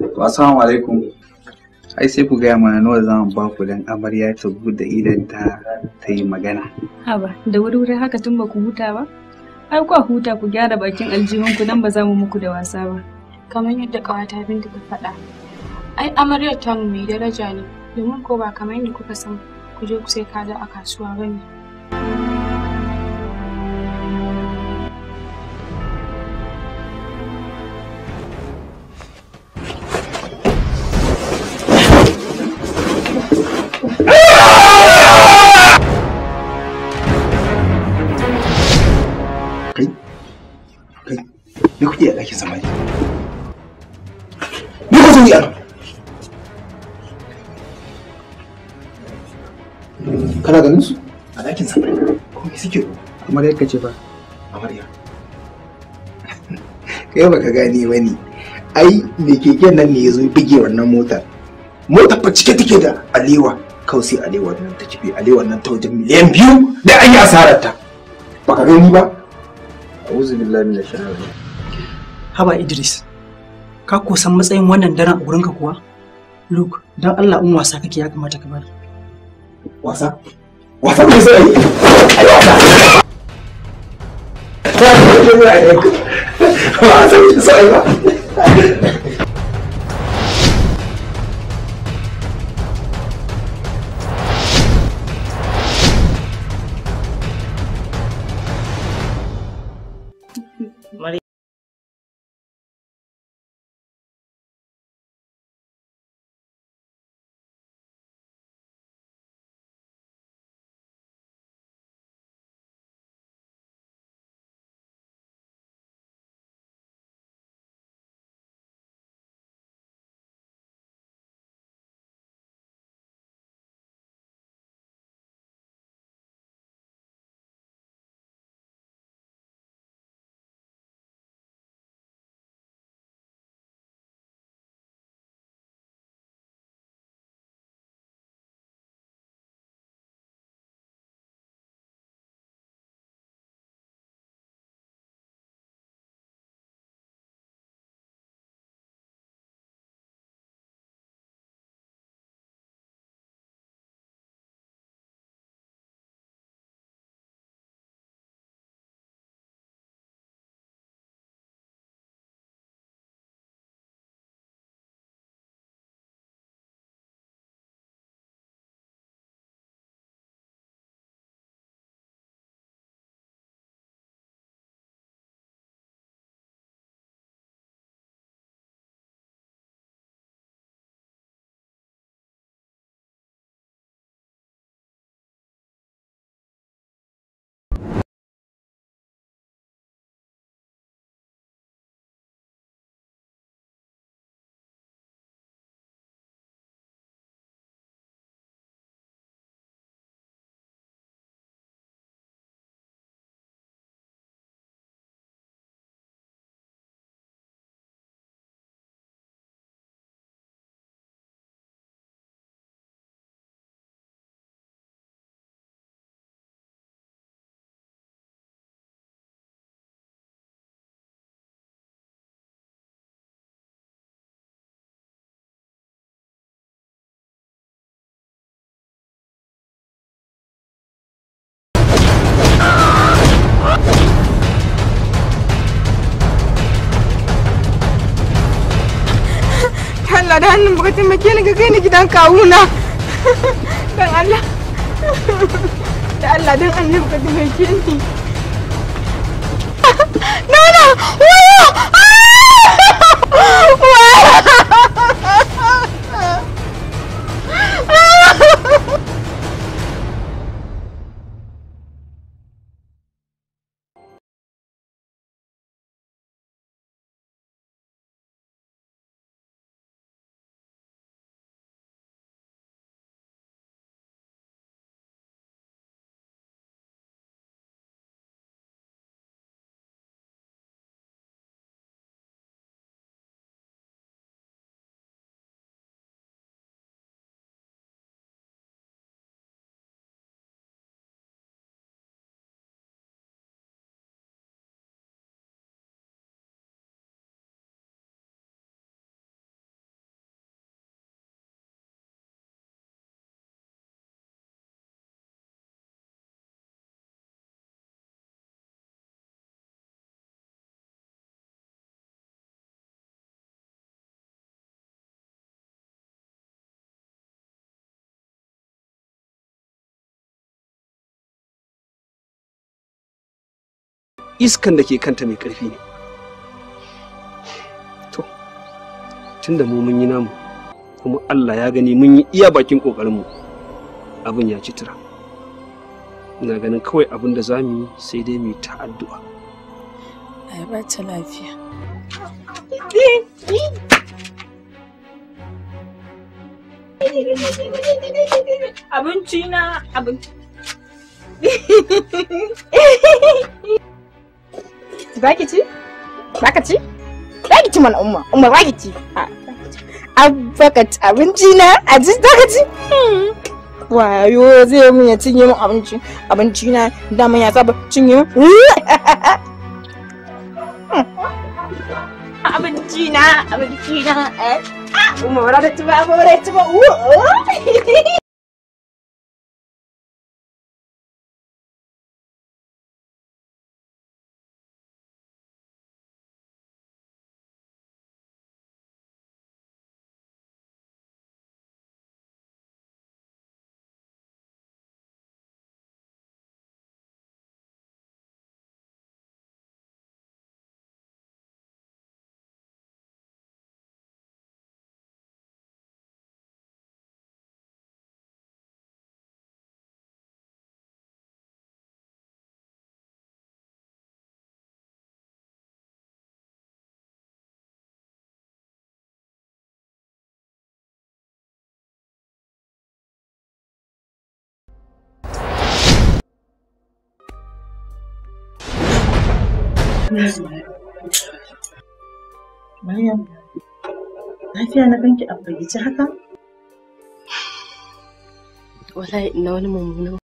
To assalamu alaikum. Ai sai ku gaya mana nawa zan ba ku dan amarya ta buɗe idan ta ta yi magana. Haba, da wuri wuri haka tun ba ku huta ba? Ai ku huta ku gyara bakin aljihun ku nan ba za mu muku da wasa ba. Kamar yadda kawata Binta ta faɗa. Ai amaryar ta mai daraja ne, domin ko ba kamar yadda kuka san ku je ku sai kaza a kasuwa bane. kamar yadda ce ba amarya kai baka gane ba ne ai me keken nan ne ya zo bige wannan motar motar fa cike take da alewa kawai sai nan ta kife alewa nan ta wajen miliyan biyu da an yi asarar ta baka gani ba a'udhu billahi minash shaitanir haba idris ka ko san matsayin wannan daren a gurinka kuwa luke don allah in wasa kake ya kamata ka bari wasa wasa ne sai ai wasa ta yi wajen ra'ayi ba a san yin sa'i ba Allah da hannun bukatun maki ni ka kai ni gidan kawuna don Allah da Allah dan Allah baka taimake ni no no wayo wayo iskan da ke kanta mai ƙarfi ne to tun mu mun yi namu kuma Allah ya gani mun yi iya bakin ƙoƙarinmu abin ya ci tura ina ganin kawai abin da za mu yi sai dai mu taaddua a yi ba ta lafiya abinci na abinci Zaki ci? Zaka mana umma, umma zaki Abakat ah. abinci na a ji hmm. Wayo zai mun ya cinye mun abinci, abinci na dama ya saba cinye mun. Abinci na, abinci na. Eh. Ah, umma bara da tuba, bara da Maryam, lafiya na ganki a firgice haka? Wallahi ina wani mummunan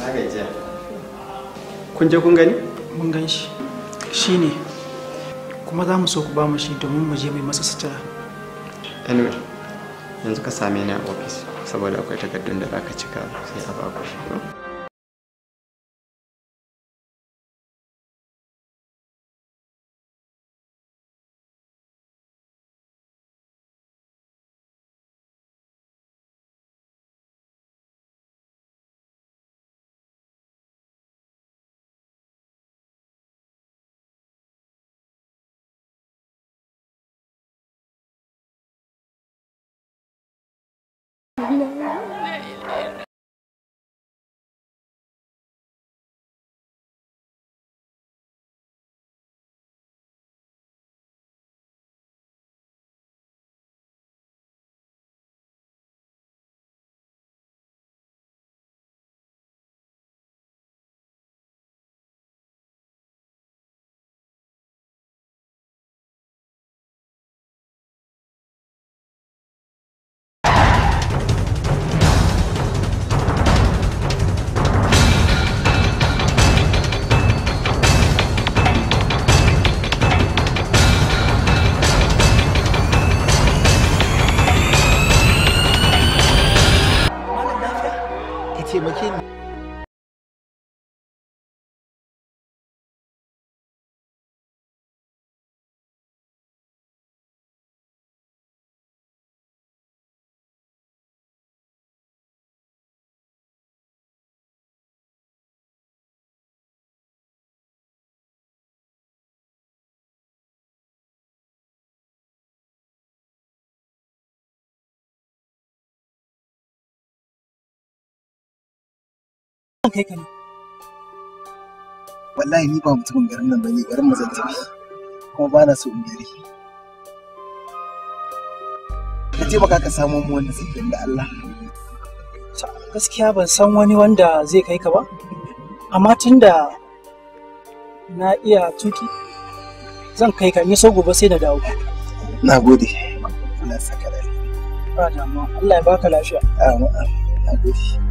Na gajiya. Kun je kun gani? Mun gan shi. Shi ne. Kuma za mu so ku ba mu shi domin mu je mai masa sutura. Anyway, yanzu ka same ni a ofis saboda akwai takardun da za ka cika sai a ba ku shi. no, kai kana. wallahi ni ba mutumin garin nan bane garin mazanta tafi kuma ba na so in gari ka ce ba ka samu mu wanda sabbin da Allah gaskiya ban san wani wanda zai kai ka ba amma tunda na iya tuki zan kai ka ni so gobe sai na dawo na gode Allah saka da ba damuwa Allah ya baka lafiya amin gode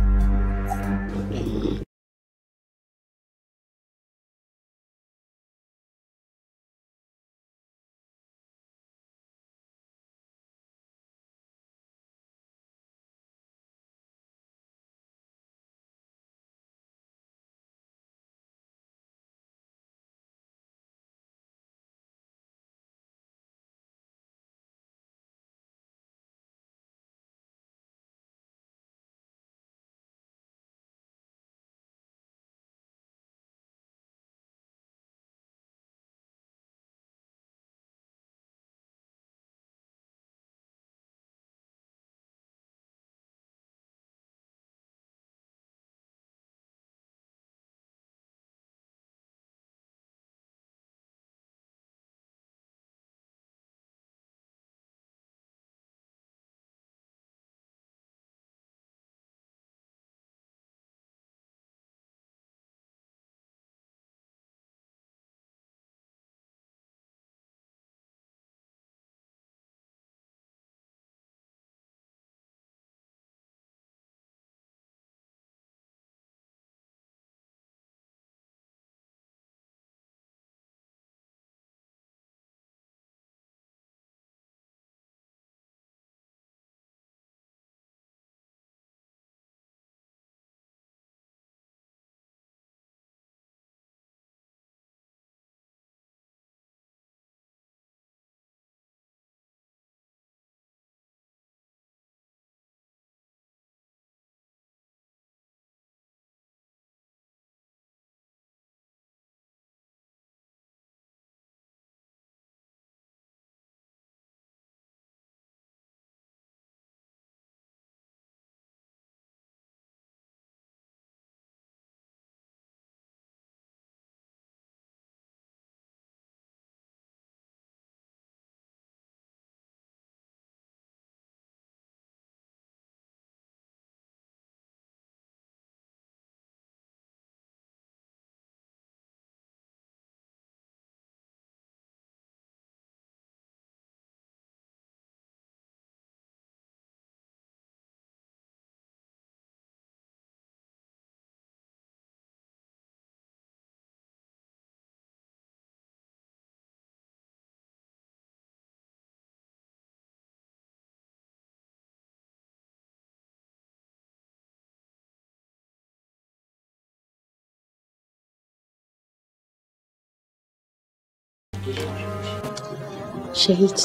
Shahid,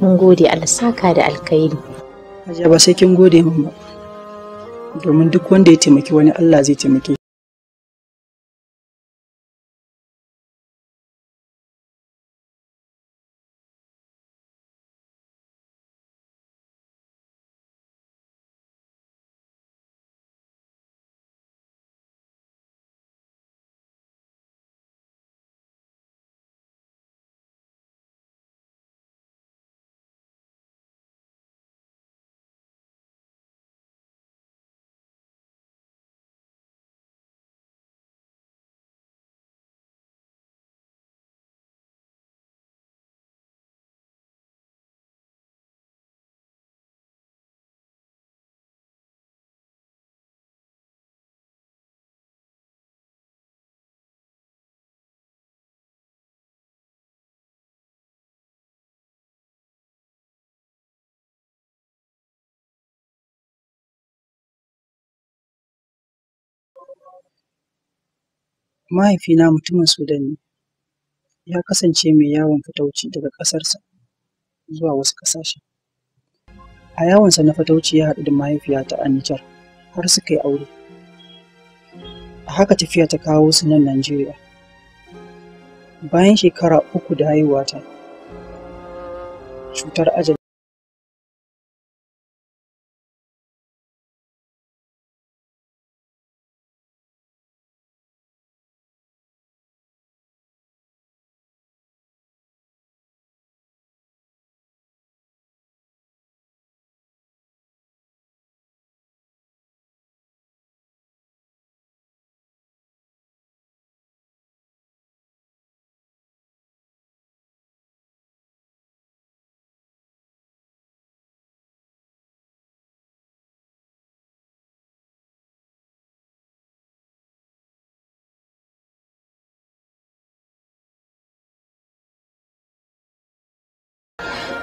mun gode alsaka da alkhairi. ajaba ba sai kin gode mun ba. Domin duk wanda ya taimaki wani Allah zai taimake mahaifina mutumin Sudan ne, ya kasance mai yawon fatauci daga ƙasarsa zuwa wasu ƙasashe. A yawonsa na fatauci ya haɗu da mahaifiyata a Nijar har suka yi aure. A haka tafiya ta kawo su nan Najeriya. Bayan shekara uku da haihuwa ta. cutar ajali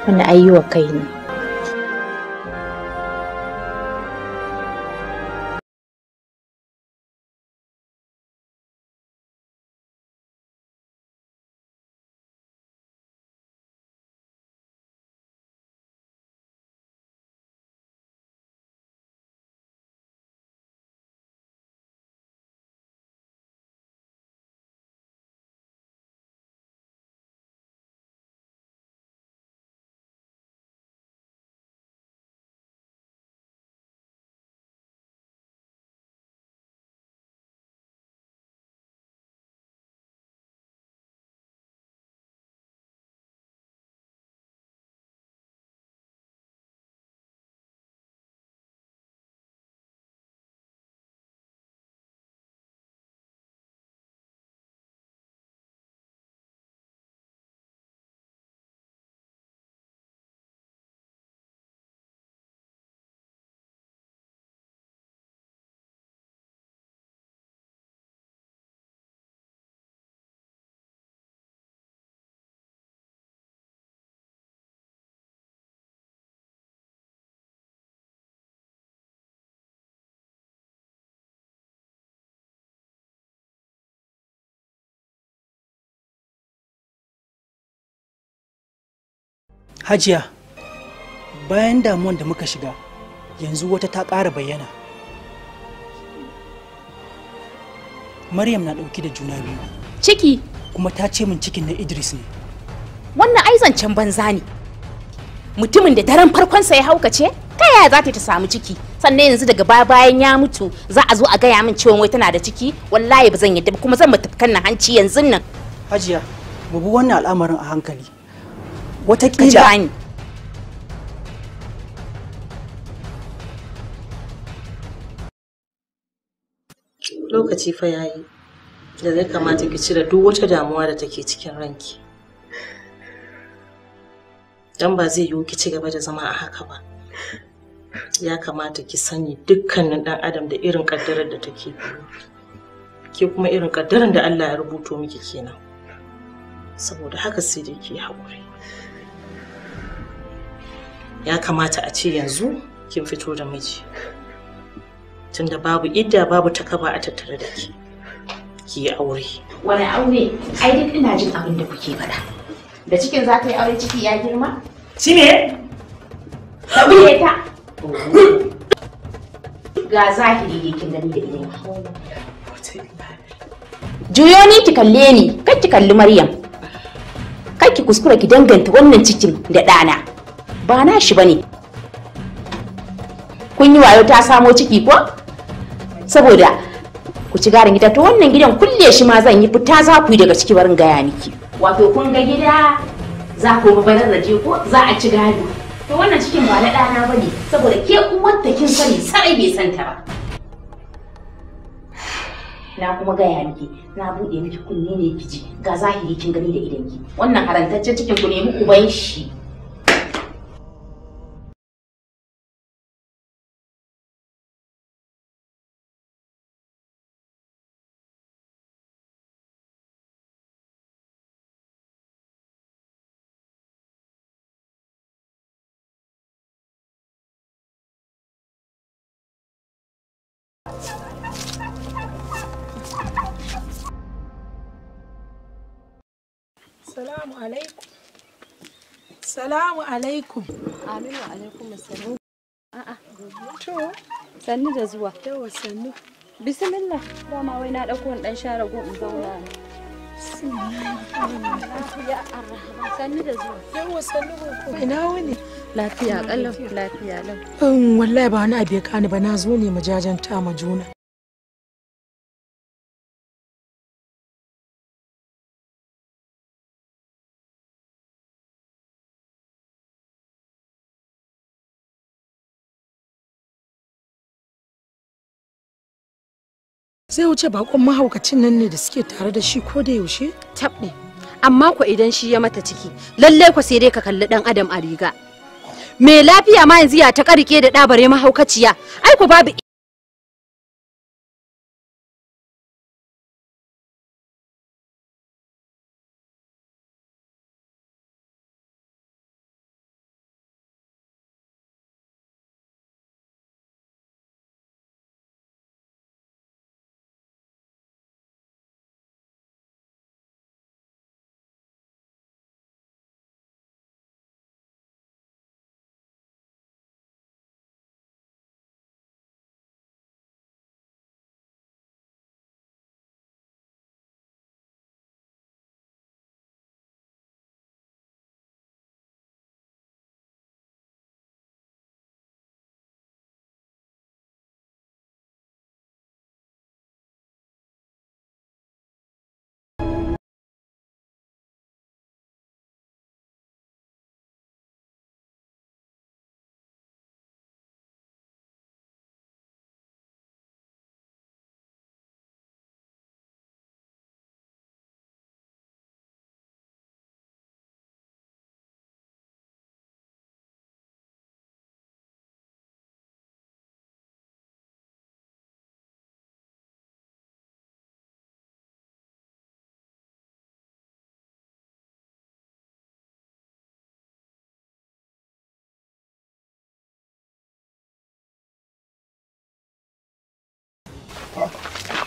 wani ayyuwa kai ne hajiya bayan damuwan da muka shiga yanzu wata ta ƙara bayyana maryam na ɗauki da juna biyu ciki kuma ta ce min cikin na idris ne wannan ai zancen banza ne mutumin da daren sa ya haukace ta yaya za ta samu ciki sannan yanzu daga baya bayan ya mutu za a zo a gaya min cewa wai tana da ciki wallahi ba zan yadda kuma zan mata kanna hanci yanzu nan hajiya babu wannan al'amarin a hankali watakila lokaci fa yayi da zai kamata ki cire duk wata damuwa da take cikin ranki dan ba zai yiwu ki ci gaba da zama a haka ba ya kamata ki sani dukkanin dan adam da irin kaddarar da take ke kuma irin kaddarar da Allah ya rubuto miki kenan saboda haka sai dai ki haƙuri ya kamata a ce yanzu kin fito da miji tunda babu idda babu takaba a tattare da ki ki yi aure wani aure ai duk ina jin abin da kuke faɗa da cikin za ta yi aure ciki ya girma shi ne ta ta ga zahiri yakin gani da idan juyo ni ki kalle ni kai ki kalli maryam kai ki kuskura ki danganta wannan cikin da ɗana ba na shi bane kun yi wayo ta samo ciki ko saboda ku ci garin gida to wannan gidan kulle shi ma zan yi fita za ku yi daga ciki barin gaya miki wato kun ga gida za ku ba barar je ko za a ci gari to wannan cikin ba na dana bane saboda ke uwar ta kin sani sai bai santa ba na kuma gaya miki na buɗe miki kunne ne ki ga zahiri kin gani da ki wannan harantacce cikin ku nemi uban shi Salamu alaikum. Salamu alaikum. Aminu alaikum assalam. A'a. To, Sanni da zuwa. Yawa sannu. Bismillah. Ba ma wai na ɗauko ɗan share go in zauna ne. Ya arhama sannu da zuwa. Yawa sannu ko. Ina wani. Lafiya ƙalau, lafiya lau. Wallahi ba wani abu ya kani ba na zo ne majajanta jajanta ma juna. zai wuce bakon mahaukacin nan ne da suke tare da shi ko da yaushe Tabbe, amma ko idan shi ya mata ciki lallai kwasai sai dai ka kalli dan adam a riga me lafiya ma yanzu ya ta karike da ɗabare mahaukaciya ai ku babu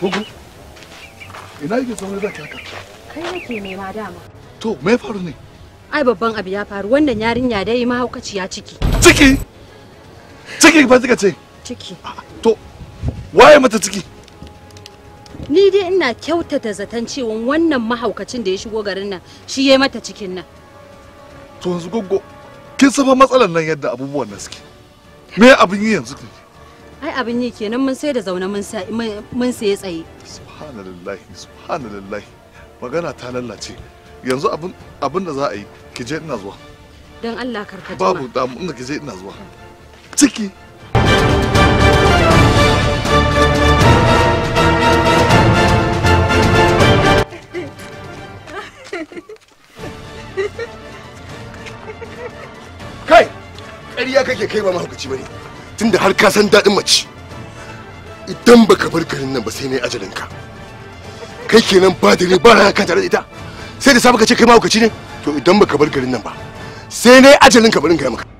Gugu, ina yake saurin zaki haka? Kai nake nema dama. To, me faru ne? Ai babban abu ya faru, wannan yarinya dai mahaukaciya ciki. Ciki? Ciki ba kika ce? Ciki. Ah, to, waye mata ciki? Ni dai ina kyautata zaton cewa wannan mahaukacin da ya shigo garin nan shi ya mata cikin nan. To yanzu goggo, kin san matsalar nan yadda abubuwan nan suke. Me abin yi yanzu ke? ai abin yi kenan mun sai da zaune mun sai mun sai tsaye subhanallahi subhanallahi magana ta lallace yanzu abin abin da za a yi ki je ina zuwa dan Allah karkaji babu damu mun ki je ina zuwa ciki kai ƙarya kake kai ba mahaukaci bane tunda har ka san daɗin mace idan baka bar garin nan ba sai ne ajalin ka kai kenan ba dare ba rana kan tare da ita sai da safe ce kai mahaukaci ne to idan baka bar garin nan ba sai ne ajalin ka barin gaya maka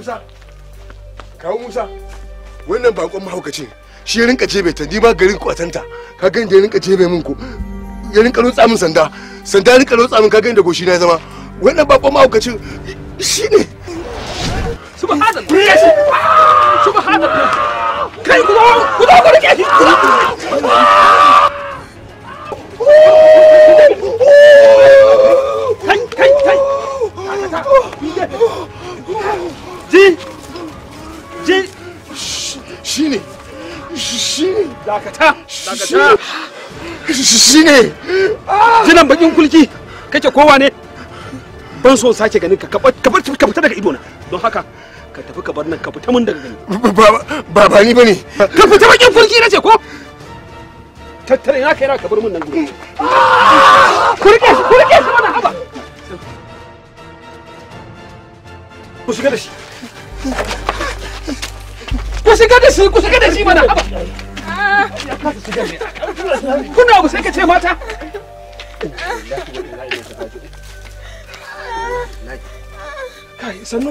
Musa, kawo Musa, wannan bakon mahaukaci shi ya rinka jebe ta, ni ba garin kwatanta, ka gani da ya rinka jebe min ko, ya rinka rotsa min sanda, sanda ya rinka rotsa min ka gani da goshi na zama, wannan bakon mahaukacin shi ne. Subhanallah. Subhanallah. Kai ku shi. Kai, kai, kai. ji ji shine shine dakata dakata shine jinan bakin kulki kake kowa ne ban so sake ganin ka ka fita daga idona don haka ka tafi ka bar nan ka fita mun daga gani ba ba ni bane ka fita bakin kulki nace ko tattare na kai na ka bar mun nan gudu kurke shi kurke shi mana haba ku shiga da shi ku shiga da shi ku shiga da shi mana haba kuna abu sai ka ce mata kai sannu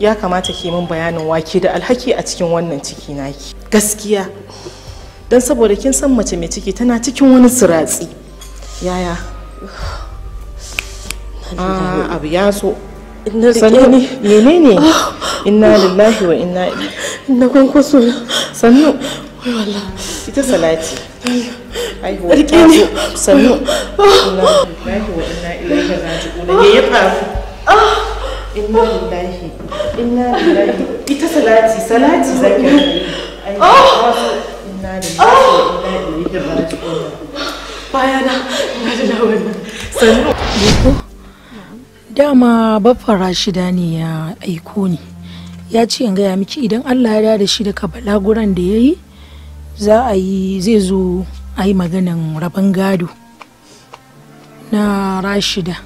ya kamata ki min bayanin wake da alhaki a cikin wannan ciki naki gaskiya don saboda kin san mace mai ciki tana cikin wani siratsi yaya ah, abu ya so sannu ne ne ah. inna lillahi wa inna na kwankwaso sannu ita salati aihuwa ta zo sannu ah. inna lillahi wa inna ilaihi raji'un ne ya faru inna lillahi inna lillahi ita salati salati zaki oh! inna lillahi oh! bayana na da lawan sannu dama baffa rashida ne ya aiko ni ya ce in gaya miki idan allah ya da shi daga balaguran da ya yi za a yi zai zo a yi maganin rabon gado na rashida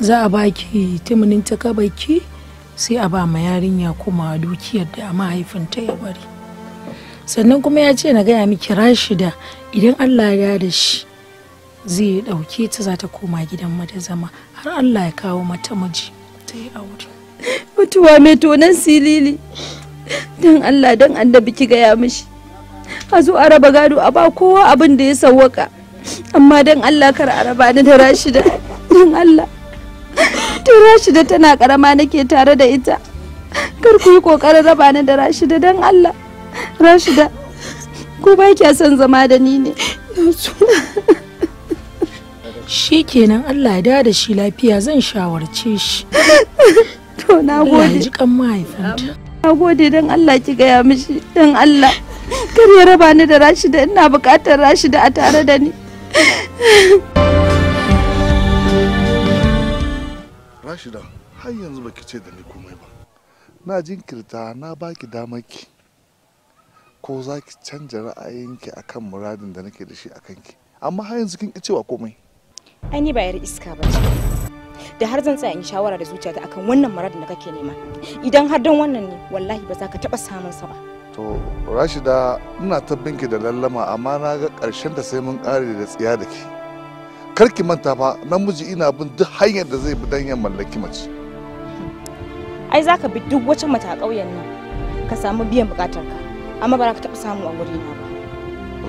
za a baki tumunin ta kabaki sai a ba ma yarinya kuma dukiyar da mahaifinta ya bari sannan kuma ya ce na gaya miki rashida idan allah ya da shi zai ɗauke ta za ta koma gidan mata zama har allah ya kawo mata miji ta yi aure mutuwa mai tonan silili don allah don annabi ki gaya mishi a zo a raba gado a ba kowa abin da ya sawwaka amma don allah kar a raba ni da rashida don allah tun rashida tana karama nake tare da ita kar ku yi kokarin raba ni da rashida don allah rashida ko ba kya son zama da ni ne shi kenan allah ya da shi lafiya zan shawarce shi to na gode ji kan mahaifinta na gode don allah ki gaya mishi don allah kar ya raba ni da rashida ina bukatar rashida a tare da ni Rashida, har yanzu baki ce da ni komai ba. Na jinkirta na baki damaki. Ko za ki canja ra'ayinki akan muradin da nake da shi a kanki. Amma har yanzu kin ki cewa komai. Ai ni ba yar iska ba Da har zan tsaya in shawara da zuciyata akan wannan muradin da kake nema. Idan har don wannan ne, wallahi ba za ka taɓa samun sa ba. To, Rashida, ina tabbinki da lallama amma na ga ƙarshen da sai mun ƙare da tsiya da ke. karki manta ba namiji ina bin duk hanyar da zai bi dan ya mallaki mace ai zaka bi duk wata mata a ƙauyen nan ka samu biyan bukatar ka amma ba za ka taɓa samu a wuri na ba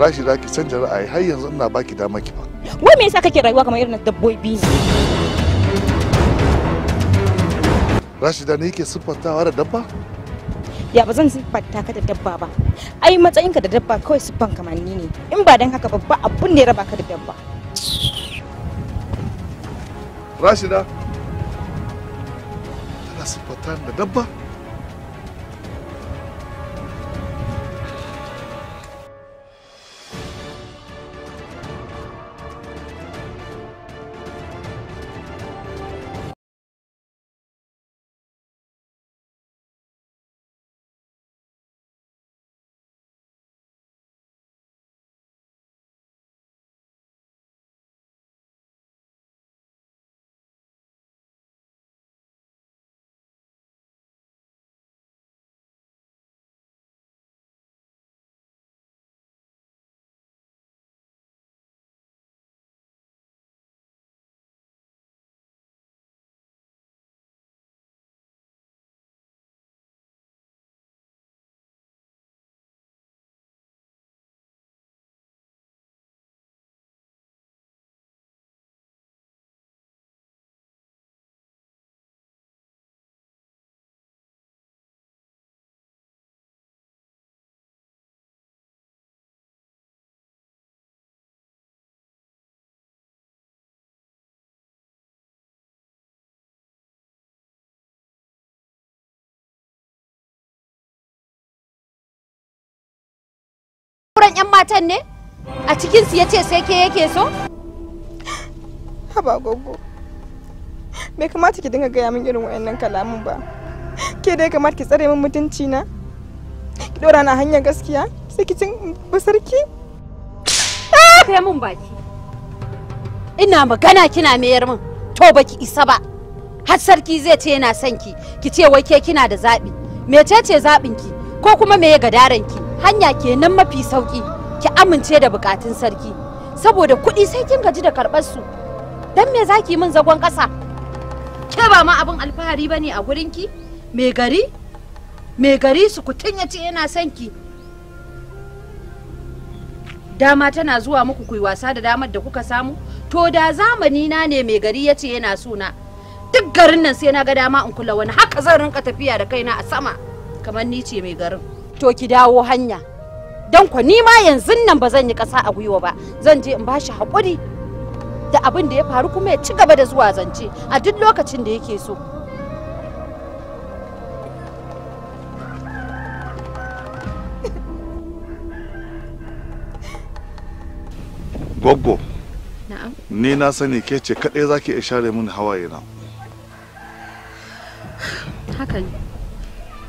Rashida ki canza ra'ayi har yanzu ina baki dama ki ba wai me yasa kake rayuwa kamar irin dabbobi ne Rashida ne yake siffantawa da dabba ya ba zan siffanta ka da dabba ba ai matsayinka da dabba kawai siffan kamanni ne in ba dan haka babba abun da ya raba ka da dabba rashida tana siffata da dabba sauran 'yan matan ne a cikinsu ya ce sai ke yake so? haba gogo bai kamata ki dinga gaya min irin wayannan kalamun ba ke dai kamata ki tsare min mutunci na ki dora na hanyar gaskiya sai ki cin basarki kai mun baki ina magana kina mayar min to baki isa ba har sarki zai ce yana son ki ki ce wai ke kina da zabi me mecece zabin ki ko kuma meye gadaran ki hanya kenan mafi sauki ki amince da bukatun sarki saboda kuɗi sai kin gaji da karbar su dan me zaki min zagon kasa ke ba ma abin alfahari bane a gurin ki me gari me gari su kutun ya ce yana son ki dama tana zuwa muku kuyi wasa da damar da kuka samu to da zamani na ne mai gari ya ce yana suna duk garin nan sai na ga dama in kula wani haka zan rinka tafiya da kaina a sama kamar ni ce mai garin to ki dawo hanya don ku ni ma yanzu nan ba zan yi ƙasa a gwiwa ba zan je in ba shi haƙuri da abin da ya faru kuma ya ci gaba da zuwa zance a duk lokacin da yake so goggo ni na sani ke ce kaɗai zaki ki share min hawaye na haka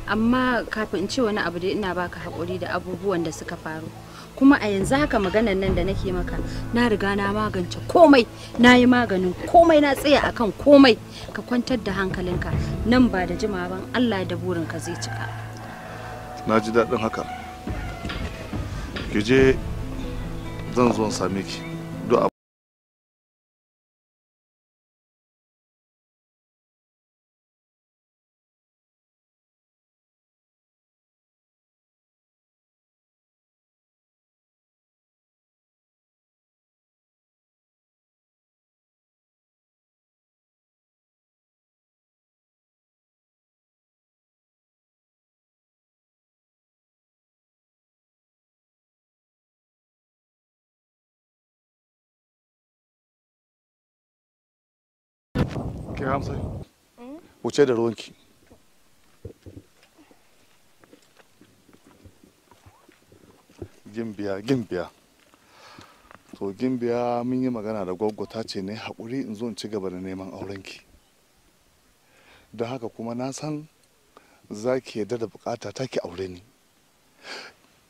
amma kafin in ce wani abu da ina baka hakuri da abubuwan da suka faru kuma a yanzu haka maganan nan da nake maka na riga na magance komai na yi maganin komai na tsaya akan komai ka kwantar da hankalinka nan ba da jimawa ban allah da burinka zai cika na ji daɗin haka ki je zan zo same ki Ki hamsa. Mm? Wuce da ruwanki. Gimbiya, gimbiya. To gimbiya mun yi magana da gwaggo ta ce ne haƙuri in zo in ci gaba da neman aurenki. Don haka kuma na san za ki yadda da bukata ta ki aure ni.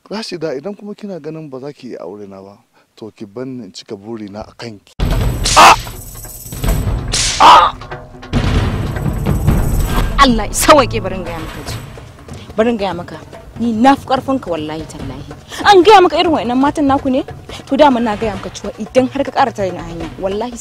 Rashida idan kuma kina ganin ba za ki yi aure na ba, to ki ban in cika burina a kanki. Ah! Allah ya sauke barin gaya maka ji barin gaya maka ni na fi karfin ka wallahi tallahi an gaya maka irin wa'annan matan naku ne to dama na gaya maka cewa idan har ka ƙara tare na hanya wallahi